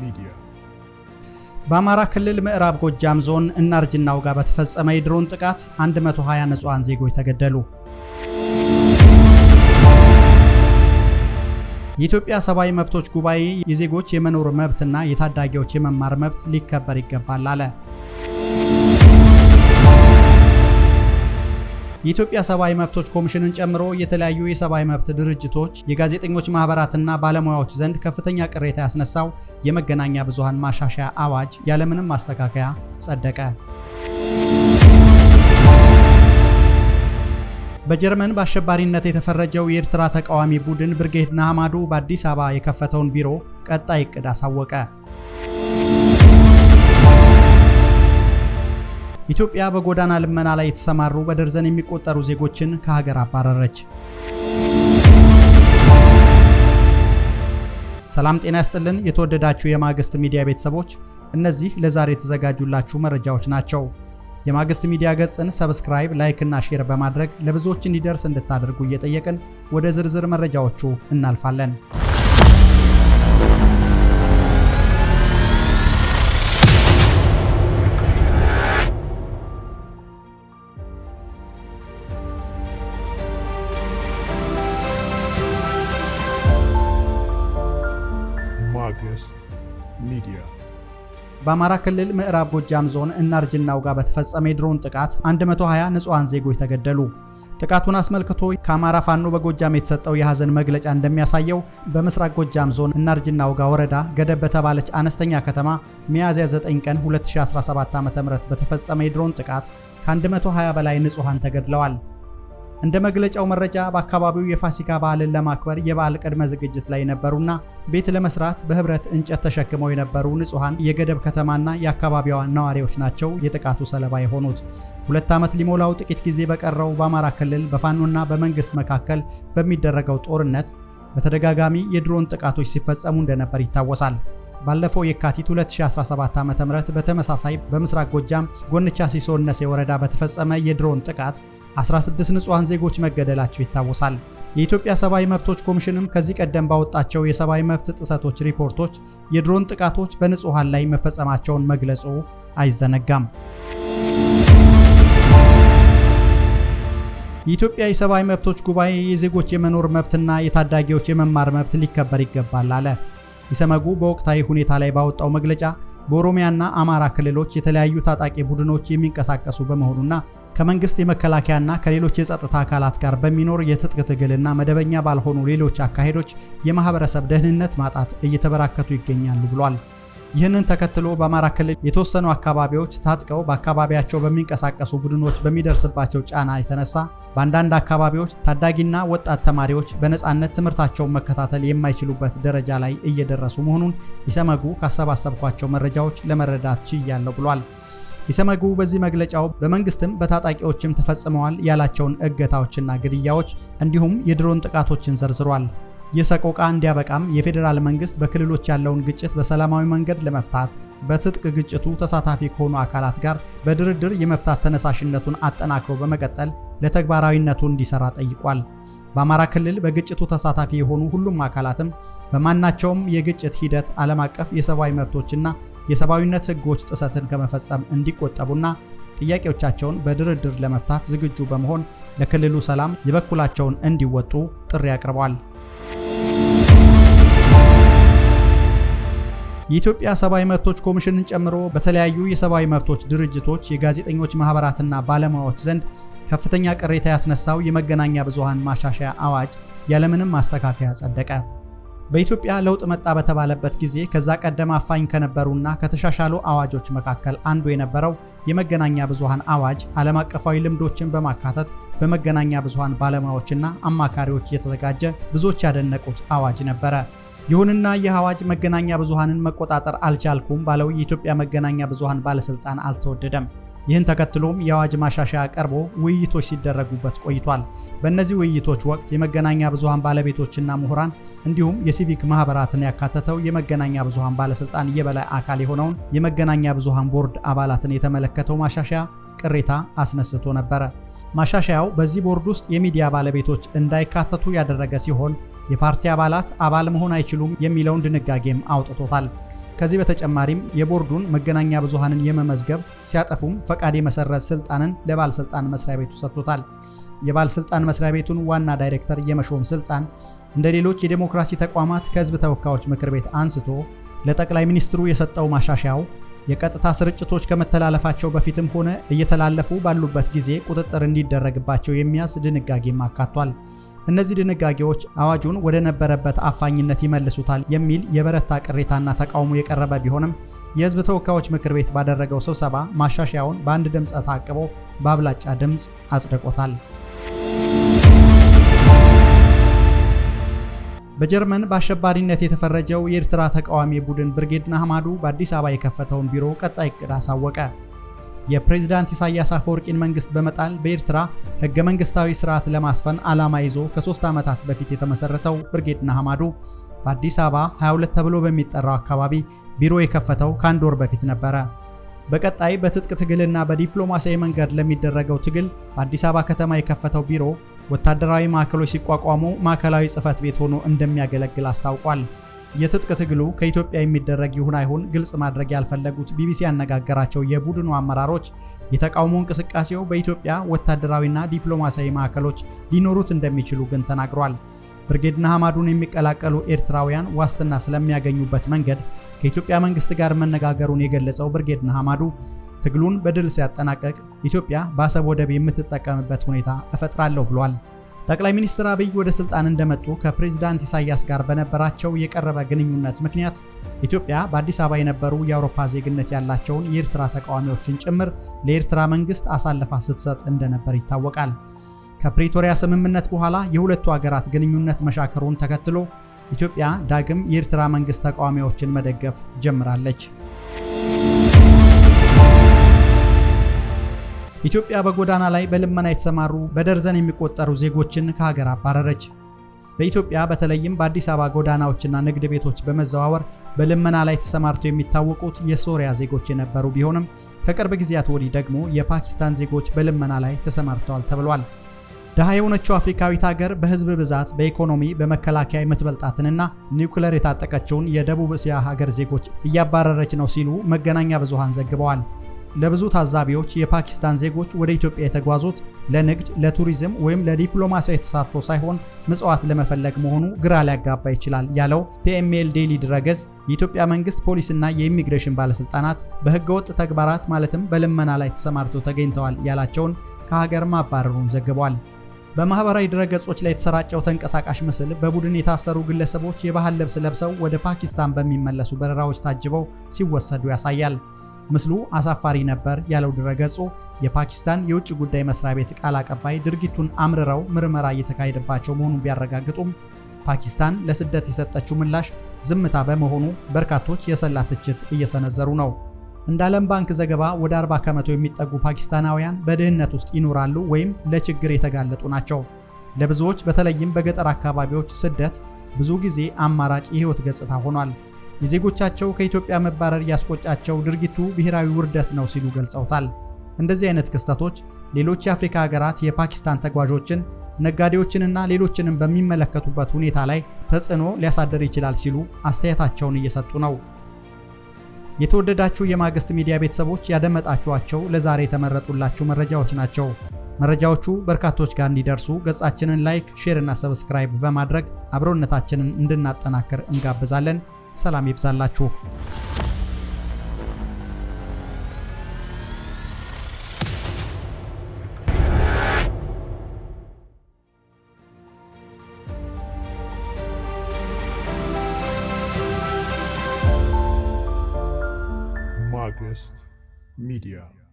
ሚዲያ በአማራ ክልል ምዕራብ ጎጃም ዞን እናርጅናው ጋር በተፈጸመ የድሮን ጥቃት 120 ንጹሐን ዜጎች ተገደሉ። የኢትዮጵያ ሰብአዊ መብቶች ጉባኤ የዜጎች የመኖር መብትና የታዳጊዎች የመማር መብት ሊከበር ይገባል አለ። የኢትዮጵያ ሰብአዊ መብቶች ኮሚሽንን ጨምሮ የተለያዩ የሰብአዊ መብት ድርጅቶች፣ የጋዜጠኞች ማህበራትና ባለሙያዎች ዘንድ ከፍተኛ ቅሬታ ያስነሳው የመገናኛ ብዙሃን ማሻሻያ አዋጅ ያለምንም ማስተካከያ ጸደቀ። በጀርመን በአሸባሪነት የተፈረጀው የኤርትራ ተቃዋሚ ቡድን ብርጌድ አማዱ በአዲስ አበባ የከፈተውን ቢሮ ቀጣይ እቅድ አሳወቀ። ኢትዮጵያ በጎዳና ልመና ላይ የተሰማሩ በደርዘን የሚቆጠሩ ዜጎችን ከሀገር አባረረች። ሰላም ጤና ያስጥልን። የተወደዳችሁ የማግስት ሚዲያ ቤተሰቦች፣ እነዚህ ለዛሬ የተዘጋጁላችሁ መረጃዎች ናቸው። የማግስት ሚዲያ ገጽን ሰብስክራይብ፣ ላይክ እና ሼር በማድረግ ለብዙዎች እንዲደርስ እንድታደርጉ እየጠየቅን ወደ ዝርዝር መረጃዎቹ እናልፋለን። ሚዲያ በአማራ ክልል ምዕራብ ጎጃም ዞን እናርጅናው ጋር በተፈጸመ የድሮን ጥቃት 120 ንጹሃን ዜጎች ተገደሉ። ጥቃቱን አስመልክቶ ከአማራ ፋኖ በጎጃም የተሰጠው የሐዘን መግለጫ እንደሚያሳየው በምስራቅ ጎጃም ዞን እናርጅናው ጋር ወረዳ ገደብ በተባለች አነስተኛ ከተማ ሚያዝያ 9 ቀን 2017 ዓ.ም በተፈጸመ የድሮን ጥቃት ከ120 በላይ ንጹሃን ተገድለዋል። እንደ መግለጫው መረጃ በአካባቢው የፋሲካ በዓልን ለማክበር የበዓል ቅድመ ዝግጅት ላይ የነበሩና ቤት ለመስራት በህብረት እንጨት ተሸክመው የነበሩ ንጹሐን የገደብ ከተማና የአካባቢዋ ነዋሪዎች ናቸው የጥቃቱ ሰለባ የሆኑት። ሁለት ዓመት ሊሞላው ጥቂት ጊዜ በቀረው በአማራ ክልል በፋኖና በመንግስት መካከል በሚደረገው ጦርነት በተደጋጋሚ የድሮን ጥቃቶች ሲፈጸሙ እንደነበር ይታወሳል። ባለፈው የካቲት 2017 ዓ.ም በተመሳሳይ በምስራቅ ጎጃም ጎንቻ ሲሶ እነሴ ወረዳ በተፈጸመ የድሮን ጥቃት 16 ንጹሐን ዜጎች መገደላቸው ይታወሳል። የኢትዮጵያ ሰብአዊ መብቶች ኮሚሽንም ከዚህ ቀደም ባወጣቸው የሰብአዊ መብት ጥሰቶች ሪፖርቶች የድሮን ጥቃቶች በንጹሐን ላይ መፈጸማቸውን መግለጹ አይዘነጋም። የኢትዮጵያ የሰብአዊ መብቶች ጉባኤ የዜጎች የመኖር መብትና የታዳጊዎች የመማር መብት ሊከበር ይገባል አለ። ኢሰመጉ በወቅታዊ ሁኔታ ላይ ባወጣው መግለጫ በኦሮሚያና አማራ ክልሎች የተለያዩ ታጣቂ ቡድኖች የሚንቀሳቀሱ በመሆኑና ከመንግስት የመከላከያና ከሌሎች የጸጥታ አካላት ጋር በሚኖር የትጥቅ ትግልና መደበኛ ባልሆኑ ሌሎች አካሄዶች የማህበረሰብ ደህንነት ማጣት እየተበራከቱ ይገኛሉ ብሏል። ይህንን ተከትሎ በአማራ ክልል የተወሰኑ አካባቢዎች ታጥቀው በአካባቢያቸው በሚንቀሳቀሱ ቡድኖች በሚደርስባቸው ጫና የተነሳ በአንዳንድ አካባቢዎች ታዳጊና ወጣት ተማሪዎች በነፃነት ትምህርታቸውን መከታተል የማይችሉበት ደረጃ ላይ እየደረሱ መሆኑን ኢሰመጉ ካሰባሰብኳቸው መረጃዎች ለመረዳት ችያለሁ ብሏል። ኢሰመጉ በዚህ መግለጫው በመንግስትም በታጣቂዎችም ተፈጽመዋል ያላቸውን እገታዎችና ግድያዎች እንዲሁም የድሮን ጥቃቶችን ዘርዝሯል። የሰቆቃ እንዲያበቃም የፌዴራል መንግስት በክልሎች ያለውን ግጭት በሰላማዊ መንገድ ለመፍታት በትጥቅ ግጭቱ ተሳታፊ ከሆኑ አካላት ጋር በድርድር የመፍታት ተነሳሽነቱን አጠናክሮ በመቀጠል ለተግባራዊነቱ እንዲሰራ ጠይቋል። በአማራ ክልል በግጭቱ ተሳታፊ የሆኑ ሁሉም አካላትም በማናቸውም የግጭት ሂደት ዓለም አቀፍ የሰብአዊ መብቶችና የሰብአዊነት ሕጎች ጥሰትን ከመፈጸም እንዲቆጠቡና ጥያቄዎቻቸውን በድርድር ለመፍታት ዝግጁ በመሆን ለክልሉ ሰላም የበኩላቸውን እንዲወጡ ጥሪ አቅርቧል። የኢትዮጵያ ሰብአዊ መብቶች ኮሚሽንን ጨምሮ በተለያዩ የሰብአዊ መብቶች ድርጅቶች፣ የጋዜጠኞች ማህበራትና ባለሙያዎች ዘንድ ከፍተኛ ቅሬታ ያስነሳው የመገናኛ ብዙሃን ማሻሻያ አዋጅ ያለምንም ማስተካከያ ጸደቀ። በኢትዮጵያ ለውጥ መጣ በተባለበት ጊዜ ከዛ ቀደም አፋኝ ከነበሩና ከተሻሻሉ አዋጆች መካከል አንዱ የነበረው የመገናኛ ብዙሃን አዋጅ ዓለም አቀፋዊ ልምዶችን በማካተት በመገናኛ ብዙሃን ባለሙያዎችና አማካሪዎች የተዘጋጀ ብዙዎች ያደነቁት አዋጅ ነበረ። ይሁንና ይህ አዋጅ መገናኛ ብዙሃንን መቆጣጠር አልቻልኩም ባለው የኢትዮጵያ መገናኛ ብዙሃን ባለስልጣን አልተወደደም። ይህን ተከትሎም የአዋጅ ማሻሻያ ቀርቦ ውይይቶች ሲደረጉበት ቆይቷል። በእነዚህ ውይይቶች ወቅት የመገናኛ ብዙሃን ባለቤቶችና ምሁራን እንዲሁም የሲቪክ ማህበራትን ያካተተው የመገናኛ ብዙሃን ባለስልጣን የበላይ አካል የሆነውን የመገናኛ ብዙሃን ቦርድ አባላትን የተመለከተው ማሻሻያ ቅሬታ አስነስቶ ነበረ። ማሻሻያው በዚህ ቦርድ ውስጥ የሚዲያ ባለቤቶች እንዳይካተቱ ያደረገ ሲሆን የፓርቲ አባላት አባል መሆን አይችሉም የሚለውን ድንጋጌም አውጥቶታል። ከዚህ በተጨማሪም የቦርዱን መገናኛ ብዙሃንን የመመዝገብ ሲያጠፉም ፈቃድ የመሰረዝ ስልጣንን ለባለስልጣን መስሪያ ቤቱ ሰጥቶታል። የባለስልጣን መስሪያ ቤቱን ዋና ዳይሬክተር የመሾም ስልጣን እንደ ሌሎች የዴሞክራሲ ተቋማት ከህዝብ ተወካዮች ምክር ቤት አንስቶ ለጠቅላይ ሚኒስትሩ የሰጠው ማሻሻያው የቀጥታ ስርጭቶች ከመተላለፋቸው በፊትም ሆነ እየተላለፉ ባሉበት ጊዜ ቁጥጥር እንዲደረግባቸው የሚያዝ ድንጋጌም አካቷል። እነዚህ ድንጋጌዎች አዋጁን ወደ ነበረበት አፋኝነት ይመልሱታል የሚል የበረታ ቅሬታና ተቃውሞ የቀረበ ቢሆንም የህዝብ ተወካዮች ምክር ቤት ባደረገው ስብሰባ ማሻሻያውን በአንድ ድምፅ ታቅቦ በአብላጫ ድምፅ አጽድቆታል። በጀርመን በአሸባሪነት የተፈረጀው የኤርትራ ተቃዋሚ ቡድን ብርጌድ ናህማዱ በአዲስ አበባ የከፈተውን ቢሮ ቀጣይ እቅድ አሳወቀ። የፕሬዝዳንት ኢሳያስ አፈወርቂን መንግስት በመጣል በኤርትራ ህገ መንግስታዊ ስርዓት ለማስፈን ዓላማ ይዞ ከሶስት ዓመታት በፊት የተመሰረተው ብርጌድ ናሃማዱ በአዲስ አበባ 22 ተብሎ በሚጠራው አካባቢ ቢሮ የከፈተው ከአንድ ወር በፊት ነበረ። በቀጣይ በትጥቅ ትግልና በዲፕሎማሲያዊ መንገድ ለሚደረገው ትግል በአዲስ አበባ ከተማ የከፈተው ቢሮ ወታደራዊ ማዕከሎች ሲቋቋሙ ማዕከላዊ ጽህፈት ቤት ሆኖ እንደሚያገለግል አስታውቋል። የትጥቅ ትግሉ ከኢትዮጵያ የሚደረግ ይሁን አይሁን ግልጽ ማድረግ ያልፈለጉት ቢቢሲ ያነጋገራቸው የቡድኑ አመራሮች የተቃውሞ እንቅስቃሴው በኢትዮጵያ ወታደራዊና ዲፕሎማሲያዊ ማዕከሎች ሊኖሩት እንደሚችሉ ግን ተናግሯል። ብርጌድና ሐማዱን የሚቀላቀሉ ኤርትራውያን ዋስትና ስለሚያገኙበት መንገድ ከኢትዮጵያ መንግስት ጋር መነጋገሩን የገለጸው ብርጌድና ሐማዱ ትግሉን በድል ሲያጠናቀቅ ኢትዮጵያ በአሰብ ወደብ የምትጠቀምበት ሁኔታ እፈጥራለሁ ብሏል። ጠቅላይ ሚኒስትር አብይ ወደ ስልጣን እንደመጡ ከፕሬዝዳንት ኢሳያስ ጋር በነበራቸው የቀረበ ግንኙነት ምክንያት ኢትዮጵያ በአዲስ አበባ የነበሩ የአውሮፓ ዜግነት ያላቸውን የኤርትራ ተቃዋሚዎችን ጭምር ለኤርትራ መንግስት አሳልፋ ስትሰጥ እንደነበር ይታወቃል። ከፕሪቶሪያ ስምምነት በኋላ የሁለቱ ሀገራት ግንኙነት መሻከሩን ተከትሎ ኢትዮጵያ ዳግም የኤርትራ መንግስት ተቃዋሚዎችን መደገፍ ጀምራለች። ኢትዮጵያ በጎዳና ላይ በልመና የተሰማሩ በደርዘን የሚቆጠሩ ዜጎችን ከሀገር አባረረች። በኢትዮጵያ በተለይም በአዲስ አበባ ጎዳናዎችና ንግድ ቤቶች በመዘዋወር በልመና ላይ ተሰማርተው የሚታወቁት የሶሪያ ዜጎች የነበሩ ቢሆንም ከቅርብ ጊዜያት ወዲህ ደግሞ የፓኪስታን ዜጎች በልመና ላይ ተሰማርተዋል ተብሏል። ድሃ የሆነችው አፍሪካዊት ሀገር በህዝብ ብዛት፣ በኢኮኖሚ፣ በመከላከያ የምትበልጣትንና ኒውክለር የታጠቀችውን የደቡብ እስያ ሀገር ዜጎች እያባረረች ነው ሲሉ መገናኛ ብዙሃን ዘግበዋል። ለብዙ ታዛቢዎች የፓኪስታን ዜጎች ወደ ኢትዮጵያ የተጓዙት ለንግድ፣ ለቱሪዝም ወይም ለዲፕሎማሲያዊ ተሳትፎ ሳይሆን ምጽዋት ለመፈለግ መሆኑ ግራ ሊያጋባ ይችላል ያለው ፒኤምኤል ዴይሊ ድረገጽ የኢትዮጵያ መንግስት ፖሊስና የኢሚግሬሽን ባለስልጣናት በህገወጥ ተግባራት ማለትም በልመና ላይ ተሰማርተው ተገኝተዋል ያላቸውን ከሀገር ማባረሩን ዘግቧል። በማህበራዊ ድረገጾች ላይ የተሰራጨው ተንቀሳቃሽ ምስል በቡድን የታሰሩ ግለሰቦች የባህል ልብስ ለብሰው ወደ ፓኪስታን በሚመለሱ በረራዎች ታጅበው ሲወሰዱ ያሳያል። ምስሉ አሳፋሪ ነበር ያለው ድረገጹ የፓኪስታን የውጭ ጉዳይ መስሪያ ቤት ቃል አቀባይ ድርጊቱን አምርረው ምርመራ እየተካሄደባቸው መሆኑን ቢያረጋግጡም ፓኪስታን ለስደት የሰጠችው ምላሽ ዝምታ በመሆኑ በርካቶች የሰላ ትችት እየሰነዘሩ ነው። እንደ ዓለም ባንክ ዘገባ ወደ 40 ከመቶ የሚጠጉ ፓኪስታናውያን በድህነት ውስጥ ይኖራሉ ወይም ለችግር የተጋለጡ ናቸው። ለብዙዎች በተለይም በገጠር አካባቢዎች ስደት ብዙ ጊዜ አማራጭ የህይወት ገጽታ ሆኗል። የዜጎቻቸው ከኢትዮጵያ መባረር ያስቆጫቸው ድርጊቱ ብሔራዊ ውርደት ነው ሲሉ ገልጸውታል። እንደዚህ አይነት ክስተቶች ሌሎች የአፍሪካ ሀገራት የፓኪስታን ተጓዦችን፣ ነጋዴዎችንና ሌሎችንም በሚመለከቱበት ሁኔታ ላይ ተጽዕኖ ሊያሳደር ይችላል ሲሉ አስተያየታቸውን እየሰጡ ነው። የተወደዳችሁ የማግስት ሚዲያ ቤተሰቦች ያደመጣችኋቸው ለዛሬ የተመረጡላችሁ መረጃዎች ናቸው። መረጃዎቹ በርካቶች ጋር እንዲደርሱ ገጻችንን ላይክ፣ ሼር እና ሰብስክራይብ በማድረግ አብሮነታችንን እንድናጠናክር እንጋብዛለን። ሰላም ይብዛላችሁ። ማግስት ሚዲያ